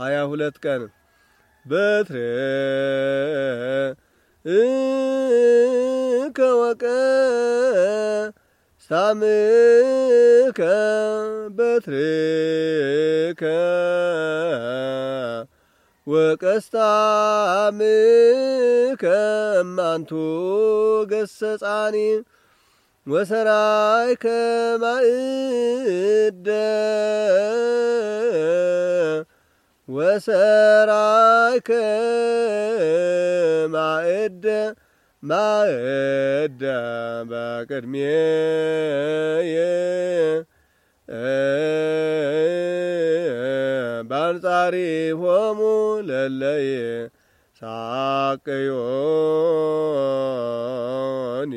ሀያ ሁለት ቀን በትረ ከወቀ ሳምከ በትርከ ወቀስታምከ እማንቱ ገሰጻኒ ወሰራይከ ማእደ ወሰራይከ ማእደ ማእደ በቅድሜየ በአንጻሪሆሙ ለለየ ሳቅዮኒ